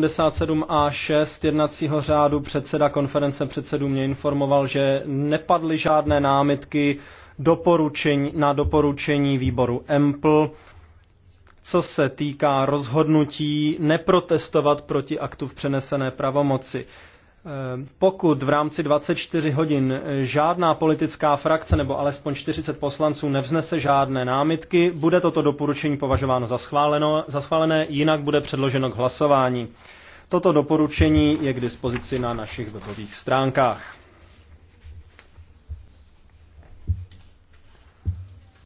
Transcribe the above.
77a6 jednacího řádu předseda konference předsedů mě informoval, že nepadly žádné námitky doporučení, na doporučení výboru EMPL, co se týká rozhodnutí neprotestovat proti aktu v přenesené pravomoci. Eh, pokud v rámci 24 hodin eh, žádná politická frakce nebo alespoň 40 poslanců nevznese žádné námitky, bude toto doporučení považováno za, schváleno, za schválené, jinak bude předloženo k hlasování. Toto doporučení je k dispozici na našich webových stránkách.